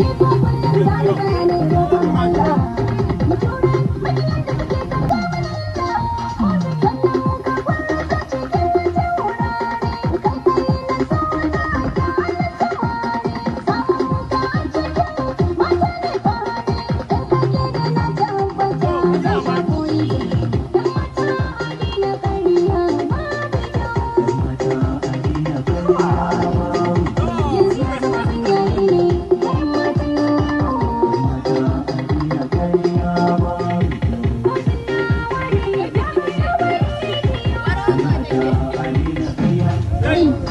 يا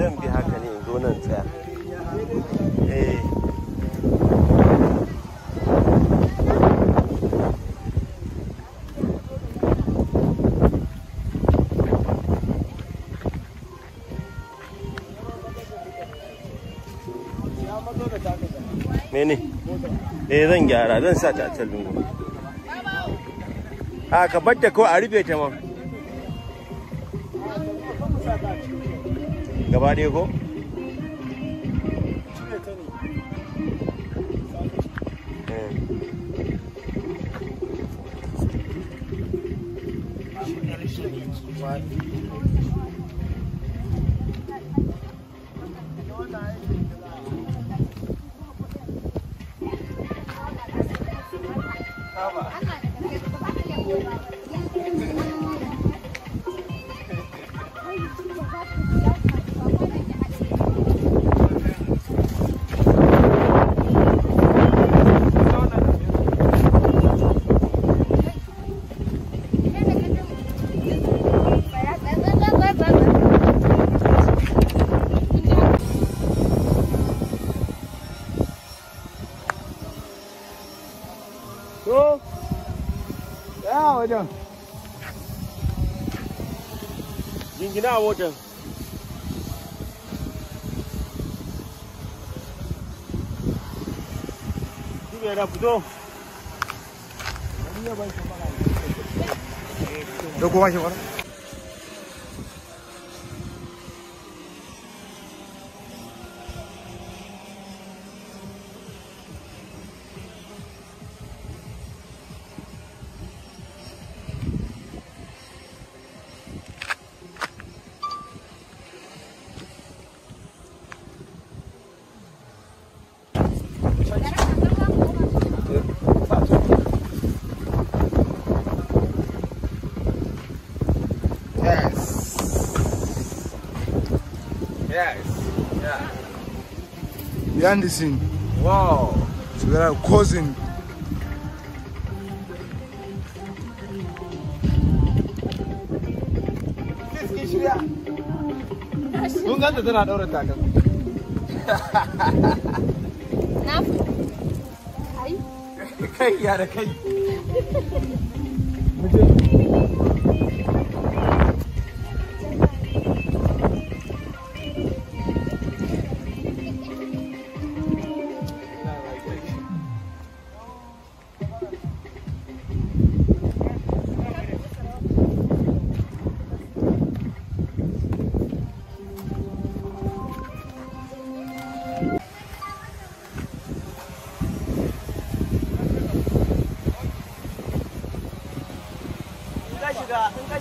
zan bi haka ne in nan tsaya eh. mene eh zan gyara zan sa ta a a ah, ka bar kawai a rufe ta ma gaba ɗaya ko Thank you. awak je. Jinjin awak je. Ini ada putu. Ini apa yang sama lagi? Dokumen Yes. Yeah. Behind the scene. Wow. So they are causing Mun ganta tana